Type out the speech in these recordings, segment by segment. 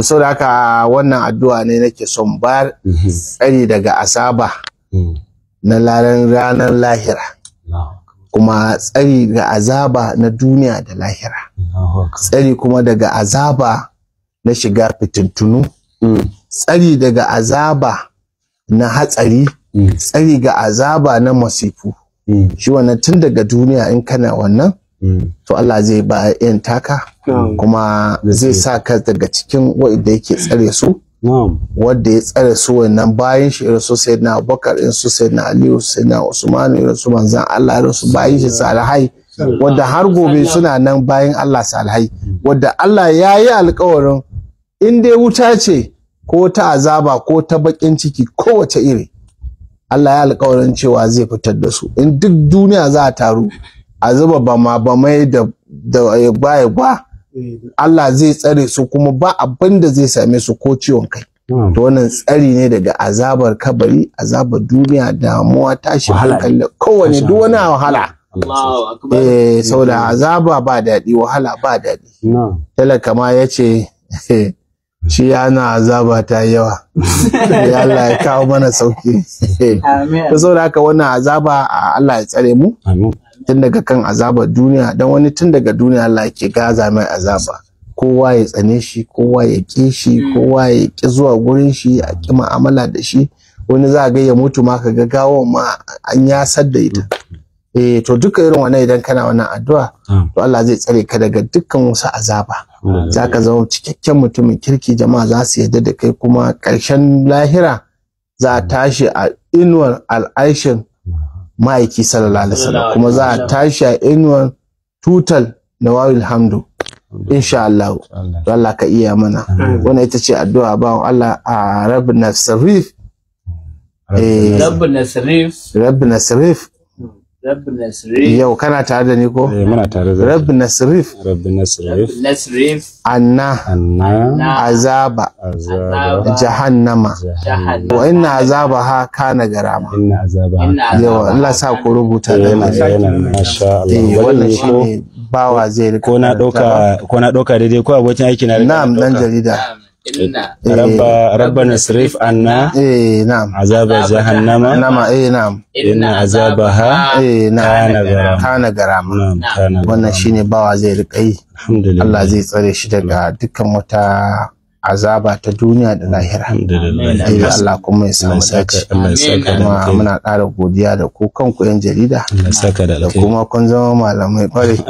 saboda haka wannan addu'a ne nake son bayar mhm. tsari daga asaba mm. na laran ranar lahira kuma tsari ga azaba na duniya da lahira tsari kuma daga azaba na shiga fitintunu mm. tsari daga azaba na hatsari mm. tsari ga azaba na masifu shi wannan tun daga duniya in kana wannan Mm. to Allah zai ba yan taka kuma zai sa ka daga cikin wa'inda yake tsare su wanda ya tsare su wannan bayan shi irin su na Abubakar in su na Aliyu na Usman irin su manzan Allah irin su bayan shi salihai wanda har gobe suna nan bayan Allah salihai wanda Allah ya yi alkawarin in dai wuta ce ko ta azaba ko ta bakin ciki kowace iri Allah ya alkawarin cewa zai fitar da su in duk duniya za a taru a zuba bama bamai da da baya eh, ba eh. Allah zai tsare su kuma ba abin da zai same su ko ciwon kai hmm. to wannan tsari ne daga azabar kabari azabar duniya damuwa tashi hankali kowane duk wani wahala eh saboda azaba ba daɗi wahala ba daɗi hmm. talaka ma ya ce shi yana azaba ta yawa ya Allah ya kawo mana sauki amin saboda haka wannan azaba Allah ya tsare mu tun daga kan azabar duniya dan wani tun daga duniya Allah ke gaza mai azaba kowa ya tsane shi kowa ya ƙi shi hmm. kowa ya ƙi zuwa gurin shi a ƙi mu'amala da shi wani za ga ya mutu ma ka ga gawon ma an ya sadda ita hmm. eh to duka irin wannan idan kana wannan addu'a hmm. to Allah zai tsare ka daga dukkan wasu azaba za ka zama cikakken mutumin kirki jama'a za su yarda da kai kuma ƙarshen lahira za a tashi a inuwar al'aishin ma'aiki sallallahu alaihi wasallam kuma za a tashi a inuwar tutal na wawil hamdu insha Allah Allah ka iya mana Wani ita ce addu'a ba Allah a rabbina sarif rabbina eh, sarif rabbina sarif yau kana tare da ni ko eh, muna tare da rabbi nasrif rabbi nasrif anna anna azaba jahannama wa inna azaba ha kana garama inna azaba yau Allah sa ku rubuta eh, da yana masha Allah eh, wannan shine bawa zai ko na dauka ko na dauka daidai ko abokin aiki na na'am dan jarida inna rabba rabbana sirif anna eh na'am azaba jahannama nama eh na'am inna azabaha eh na'am kana garam naam garama wannan shine bawa zai riƙa yi alhamdulillah Allah zai tsare shi daga dukkan wata azaba ta duniya da lahira Allah kuma ya samu saka kuma muna ƙara godiya da ku kanku yan jarida da kuma kun zama malamai kwarai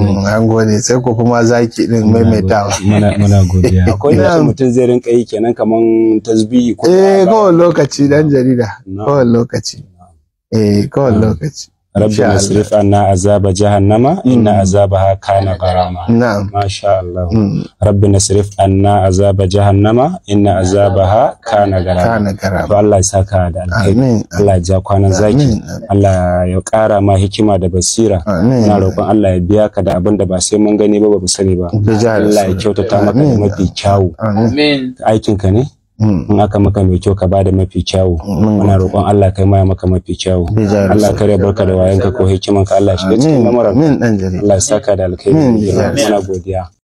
mm, an gode sai ku kuma zaki din maimaitawa muna godiya akwai da mutun zai rinka yi kenan kaman tasbihi ko eh kowane lokaci dan jarida kowane lokaci eh kowane lokaci rabbi masrif anna azaba jahannama inna azabaha kana garama ma sha Allah rabbi nasrif anna azaba jahannama inna azabaha kana garama to Allah ya saka da alheri Allah ya ja kwanan zaki Allah ya kara ma hikima da basira ina roƙon Allah ya biya ka da abinda ba sai mun gani ba ba mu sani ba Allah ya kyautata maka da mafi kyawu aikin ka ne in aka maka mai kyau ka bada mafi kyawu muna roƙon Allah kai maya maka mafi kyawu Allah kare barka da wayanka ko hikimanka Allah shi cikin lamarin Allah saka da alkhairi muna godiya